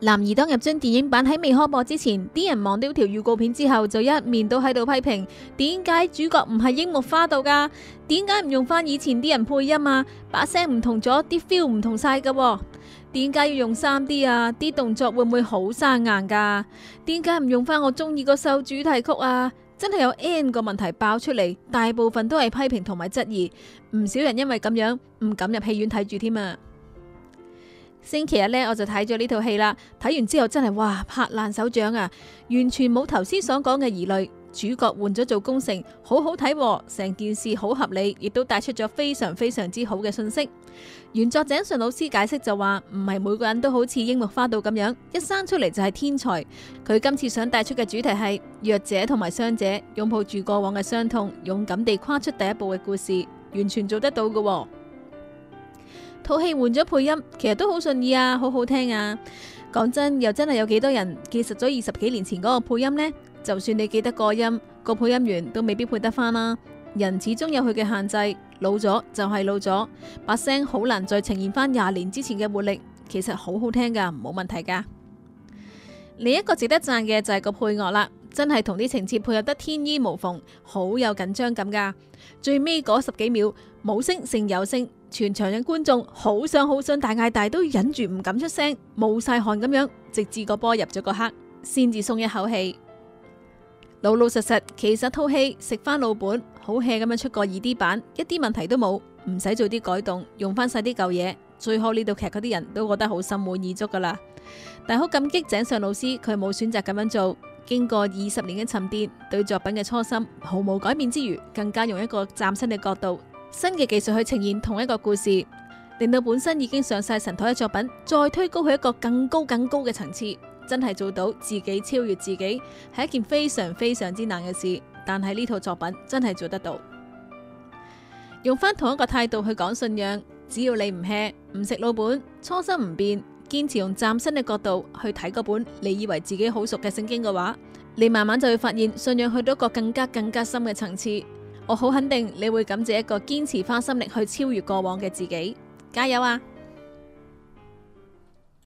男兒當入樽電影版喺未開播之前，啲人望到條預告片之後，就一面都喺度批評：點解主角唔係櫻木花道噶？點解唔用翻以前啲人配音啊？把聲唔同咗，啲 feel 唔同晒噶？點解要用三 D 啊？啲動作會唔會好生硬噶？點解唔用翻我中意個首主題曲啊？真係有 n 個問題爆出嚟，大部分都係批評同埋質疑，唔少人因為咁樣唔敢入戲院睇住添啊！星期日咧，我就睇咗呢套戲啦。睇完之後真係哇，拍爛手掌啊！完全冇頭先所講嘅疑慮。主角換咗做宮城，好好睇喎，成件事好合理，亦都帶出咗非常非常之好嘅信息。原作者井上老師解釋就話，唔係每個人都好似櫻木花道咁樣，一生出嚟就係天才。佢今次想帶出嘅主題係弱者同埋傷者，擁抱住過往嘅傷痛，勇敢地跨出第一步嘅故事，完全做得到嘅、啊。套戲換咗配音，其實都好順意啊，好好聽啊！講真，又真係有幾多人記實咗二十幾年前嗰個配音呢？就算你記得個音，個配音員都未必配得翻啦、啊。人始終有佢嘅限制，老咗就係老咗，把聲好難再呈現翻廿年之前嘅活力。其實好好聽噶，冇問題噶。另一個值得讚嘅就係個配樂啦，真係同啲情節配合得天衣無縫，好有緊張感噶。最尾嗰十幾秒，冇聲勝有聲。全場嘅觀眾好想好想大嗌，大都忍住唔敢出聲，冒晒汗咁樣，直至個波入咗個黑，先至鬆一口氣。老老實實，其實套戲食翻老本，好 hea 咁樣出個二 D 版，一啲問題都冇，唔使做啲改動，用翻晒啲舊嘢，最好呢套劇嗰啲人都覺得好心滿意足噶啦。但好感激井上老師，佢冇選擇咁樣做。經過二十年嘅沉澱，對作品嘅初心毫無改變之餘，更加用一個嶄新嘅角度。新嘅技術去呈現同一個故事，令到本身已經上晒神台嘅作品再推高去一個更高更高嘅層次，真係做到自己超越自己，係一件非常非常之難嘅事。但係呢套作品真係做得到。用返同一個態度去講信仰，只要你唔吃唔食老本，初心唔變，堅持用嶄新嘅角度去睇嗰本你以為自己好熟嘅聖經嘅話，你慢慢就會發現信仰去到一個更加更加深嘅層次。我好肯定你會感謝一個堅持花心力去超越過往嘅自己，加油啊！